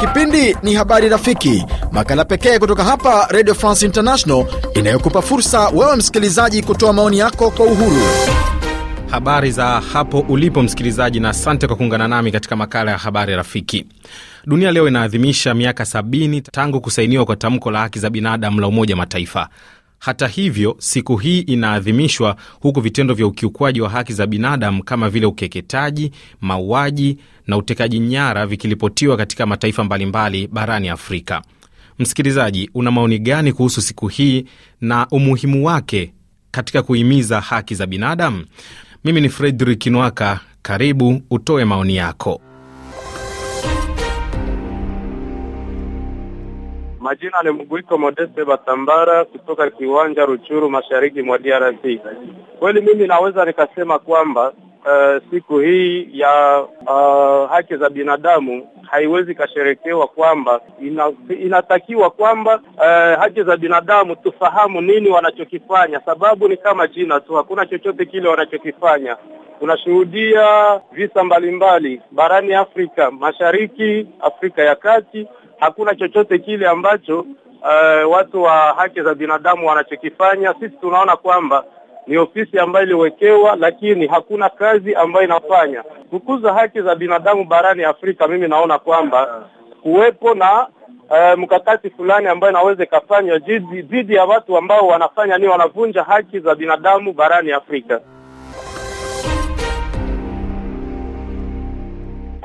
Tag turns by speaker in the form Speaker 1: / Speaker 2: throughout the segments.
Speaker 1: Kipindi ni Habari Rafiki, makala pekee kutoka hapa Radio France International inayokupa fursa wewe msikilizaji kutoa maoni yako kwa uhuru. Habari za hapo ulipo msikilizaji, na asante kwa kuungana nami katika makala ya Habari Rafiki. Dunia leo inaadhimisha miaka sabini tangu kusainiwa kwa tamko la haki za binadamu la Umoja Mataifa. Hata hivyo, siku hii inaadhimishwa huku vitendo vya ukiukwaji wa haki za binadamu kama vile ukeketaji, mauaji na utekaji nyara vikiripotiwa katika mataifa mbalimbali barani Afrika. Msikilizaji, una maoni gani kuhusu siku hii na umuhimu wake katika kuhimiza haki za binadamu? Mimi ni Fredrik Nwaka, karibu utoe maoni yako. Majina ni Mguiko Modeste Batambara kutoka kiwanja Ruchuru, mashariki mwa DRC. Kweli mimi naweza nikasema kwamba uh, siku hii ya uh, haki za binadamu haiwezi kasherekewa kwamba ina, inatakiwa kwamba uh, haki za binadamu tufahamu nini wanachokifanya, sababu ni kama jina tu, hakuna chochote kile wanachokifanya. Tunashuhudia visa mbalimbali barani Afrika Mashariki, Afrika ya Kati hakuna chochote kile ambacho uh, watu wa haki za binadamu wanachokifanya. Sisi tunaona kwamba ni ofisi ambayo iliwekewa, lakini hakuna kazi ambayo inafanya kukuza haki za binadamu barani Afrika. Mimi naona kwamba kuwepo na uh, mkakati fulani ambayo inaweza ikafanywa dhidi ya watu ambao wanafanya ni wanavunja haki za binadamu barani Afrika.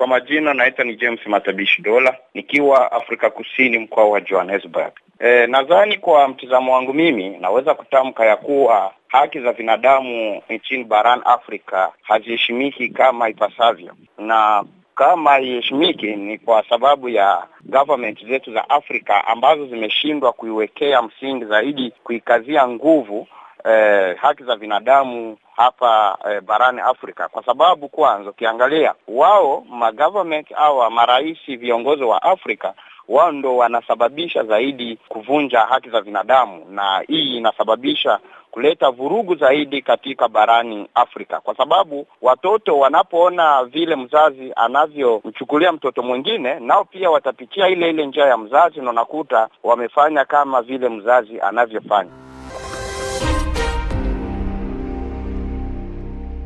Speaker 1: Kwa majina naita ni James Matabishi Dola, nikiwa Afrika Kusini, mkoa wa Johannesburg. E, nadhani kwa mtizamo wangu mimi naweza kutamka ya kuwa haki za binadamu nchini barani Afrika haziheshimiki kama ipasavyo, na kama haiheshimiki ni kwa sababu ya government zetu za Afrika ambazo zimeshindwa kuiwekea msingi zaidi, kuikazia nguvu e, haki za binadamu hapa e, barani Afrika kwa sababu kwanza ukiangalia wao magovernment au marais viongozi wa Afrika wao ndo wanasababisha zaidi kuvunja haki za binadamu, na hii inasababisha kuleta vurugu zaidi katika barani Afrika, kwa sababu watoto wanapoona vile mzazi anavyomchukulia mtoto mwingine, nao pia watapitia ile ile njia ya mzazi, na unakuta wamefanya kama vile mzazi anavyofanya.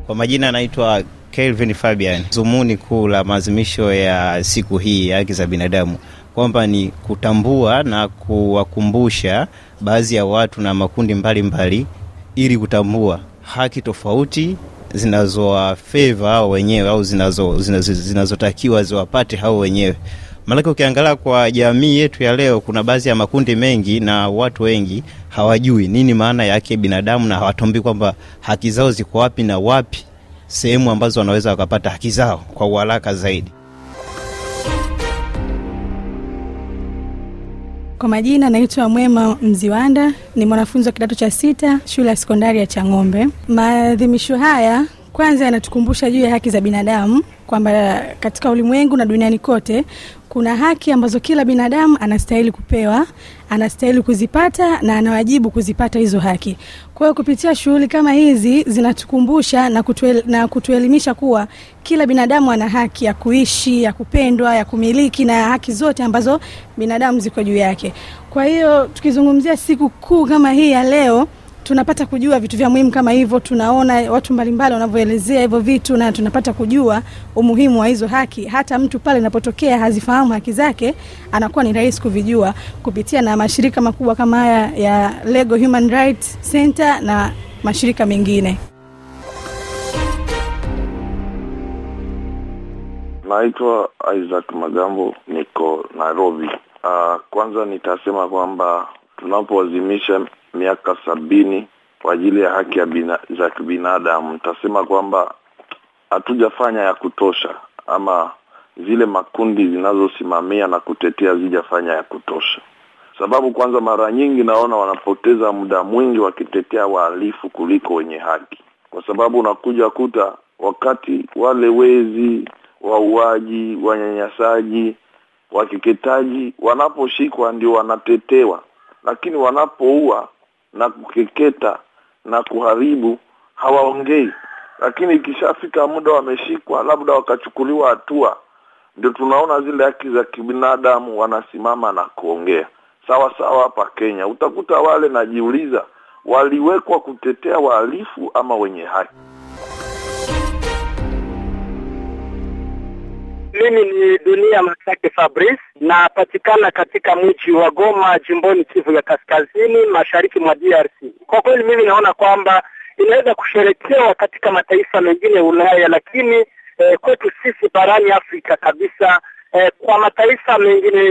Speaker 1: Kwa majina anaitwa Kelvin Fabian. Zumuni kuu la maadhimisho ya siku hii ya haki za binadamu kwamba ni kutambua na kuwakumbusha baadhi ya watu na makundi mbalimbali mbali, ili kutambua haki tofauti zinazowafeva hao wenyewe au zinazotakiwa zinazo ziwapate hao wenyewe Maanake ukiangalia kwa jamii yetu ya leo, kuna baadhi ya makundi mengi na watu wengi hawajui nini maana yake binadamu, na hawatombi kwamba haki zao ziko wapi na wapi sehemu ambazo wanaweza wakapata haki zao kwa uharaka zaidi. Kwa majina naitwa Mwema Mziwanda, ni mwanafunzi wa kidato cha sita shule ya sekondari ya Chang'ombe. Maadhimisho haya kwanza anatukumbusha juu ya haki za binadamu kwamba katika ulimwengu na duniani kote kuna haki ambazo kila binadamu anastahili kupewa, anastahili kuzipata na anawajibu kuzipata hizo haki. Kwa hiyo kupitia shughuli kama hizi zinatukumbusha na, kutuel, na kutuelimisha kuwa kila binadamu ana haki ya kuishi, ya kupendwa, ya kumiliki na haki zote ambazo binadamu ziko juu yake. Kwa hiyo tukizungumzia siku kuu kama hii ya leo tunapata kujua vitu vya muhimu kama hivyo, tunaona watu mbalimbali wanavyoelezea hivyo vitu na tunapata kujua umuhimu wa hizo haki. Hata mtu pale inapotokea hazifahamu haki zake, anakuwa ni rahisi kuvijua kupitia na mashirika makubwa kama haya ya Legal Human Rights Center na mashirika mengine. Naitwa Isaac Magambo, niko Nairobi. Uh, kwanza nitasema kwamba tunapoazimisha miaka sabini kwa ajili ya haki ya bina, za kibinadamu. Nitasema kwamba hatujafanya ya kutosha, ama zile makundi zinazosimamia na kutetea zijafanya ya kutosha, sababu kwanza, mara nyingi naona wanapoteza muda mwingi wakitetea wahalifu kuliko wenye haki, kwa sababu unakuja kuta wakati wale wezi, wauaji, wanyanyasaji, wakeketaji wanaposhikwa ndio wanatetewa, lakini wanapoua na kukeketa na kuharibu hawaongei lakini ikishafika muda wameshikwa labda wakachukuliwa hatua ndio tunaona zile haki za kibinadamu wanasimama na kuongea sawa sawa hapa kenya utakuta wale najiuliza waliwekwa kutetea wahalifu ama wenye haki Mimi ni Dunia Masake Fabrice, napatikana katika mji wa Goma, jimboni Kivu ya Kaskazini, mashariki mwa DRC. Kwa kweli mimi naona kwamba inaweza kusherekewa katika mataifa mengine ya Ulaya, lakini eh, kwetu sisi barani Afrika kabisa eh, kwa mataifa mengine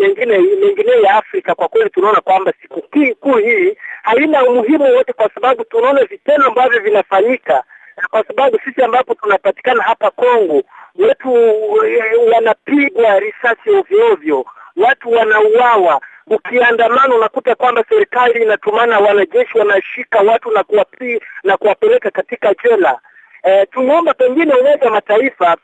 Speaker 1: mengine mengine ya Afrika kwa kweli tunaona kwamba siku kuu hii haina umuhimu wote, kwa sababu tunaona vitendo ambavyo vinafanyika kwa sababu sisi ambapo tunapatikana hapa Kongo watu eh, wanapigwa risasi ovyo ovyo, watu wanauawa. Ukiandamana unakuta kwamba serikali inatumana wanajeshi wanashika watu na kuwapi, na kuwapeleka katika jela. E, tumeomba pengine Umoja wa Mataifa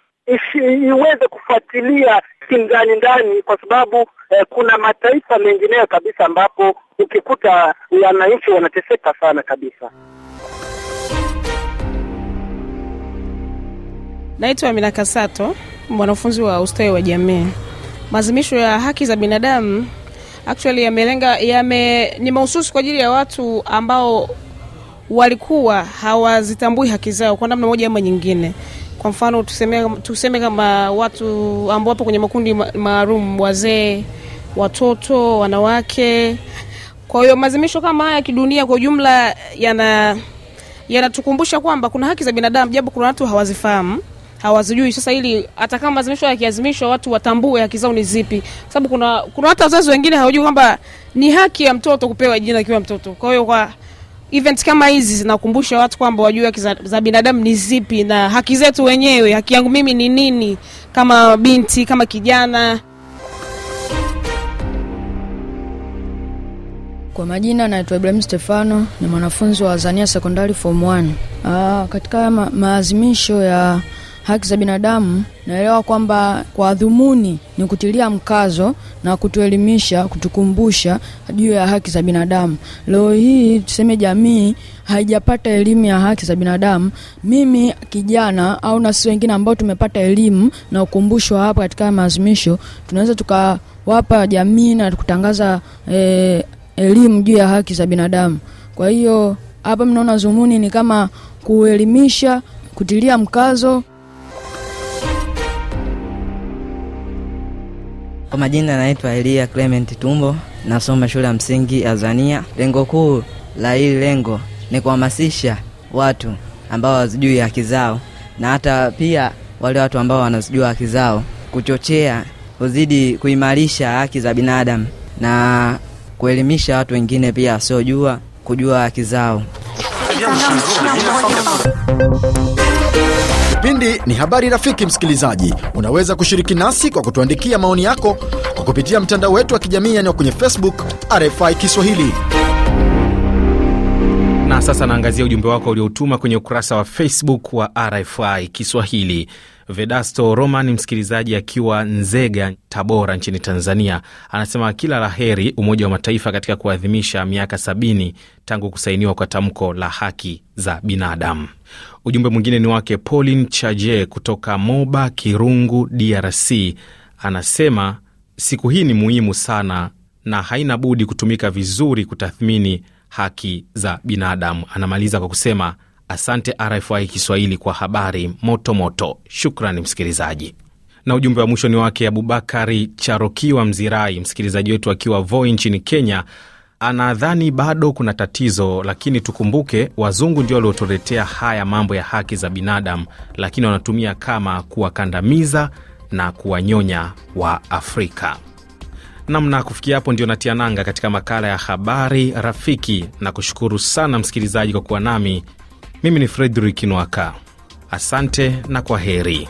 Speaker 1: iweze kufuatilia kindani ndani, kwa sababu eh, kuna mataifa mengineyo kabisa ambapo ukikuta wananchi wanateseka sana kabisa. Naitwa Amina Kasato, mwanafunzi wa ustawi wa jamii. mazimisho ya haki za binadamu actually yamelenga yame, ni mahususi kwa ajili ya watu ambao walikuwa hawazitambui haki zao kwa namna moja ama nyingine. Kwa mfano tuseme, tuseme kama watu ambao wapo kwenye makundi maalum, wazee, watoto, wanawake. Kwa hiyo maadhimisho kama haya kidunia kwa ujumla yana yanatukumbusha kwamba kuna haki za binadamu, japo kuna watu hawazifahamu hawazijui. Sasa ili hata kama maadhimisho yakiazimishwa, watu watambue haki zao ni zipi, sababu kuna kuna hata wazazi wengine hawajui kwamba ni haki ya mtoto kupewa jina akiwa mtoto. Kwa hiyo kwa event kama hizi zinakumbusha watu kwamba wajue haki za, za binadamu ni zipi na haki zetu wenyewe, haki yangu mimi ni nini kama binti, kama kijana. Kwa majina naitwa Ibrahim Stefano, ni mwanafunzi wa Azania secondary form 1. katika ma maazimisho ya haki za binadamu, naelewa kwamba kwa dhumuni ni kutilia mkazo na kutuelimisha, kutukumbusha juu ya haki za binadamu. Leo hii tuseme jamii haijapata elimu ya haki za binadamu. Mimi kijana au na sisi wengine ambao tumepata elimu na ukumbusho hapa katika maazimisho, tunaweza tukawapa jamii na kutangaza e, elimu juu ya haki za binadamu. Kwa hiyo hapa mnaona dhumuni ni kama kuelimisha, kutilia mkazo Kwa majina naitwa Elia Clement Tumbo, nasoma shule ya msingi Azania. Lengo kuu la hili lengo ni kuhamasisha watu ambao wazijui haki zao na hata pia wale watu ambao wanazijua haki zao, kuchochea kuzidi kuimarisha haki za binadamu na kuelimisha watu wengine pia wasiojua kujua haki zao. Kipindi ni Habari Rafiki. Msikilizaji, unaweza kushiriki nasi kwa kutuandikia maoni yako kwa kupitia mtandao wetu wa kijamii yaani kwenye Facebook RFI Kiswahili. Na sasa naangazia ujumbe wako ulioutuma kwenye ukurasa wa Facebook wa RFI Kiswahili. Vedasto Roman, msikilizaji akiwa Nzega, Tabora nchini Tanzania, anasema kila la heri Umoja wa Mataifa katika kuadhimisha miaka sabini tangu kusainiwa kwa tamko la haki za binadamu. Ujumbe mwingine ni wake paulin Chaje kutoka Moba Kirungu, DRC, anasema siku hii ni muhimu sana na haina budi kutumika vizuri kutathmini haki za binadamu. Anamaliza kwa kusema asante RFI Kiswahili kwa habari moto moto. Shukrani msikilizaji. Na ujumbe wa mwisho ni wake Abubakari Charokiwa Mzirai, msikilizaji wetu akiwa Voi nchini Kenya anadhani bado kuna tatizo, lakini tukumbuke wazungu ndio waliotuletea haya mambo ya haki za binadamu, lakini wanatumia kama kuwakandamiza na kuwanyonya wa Afrika namna kufikia hapo ndio natia nanga katika makala ya habari rafiki na kushukuru sana msikilizaji kwa kuwa nami mimi ni fredrik nwaka asante na kwa heri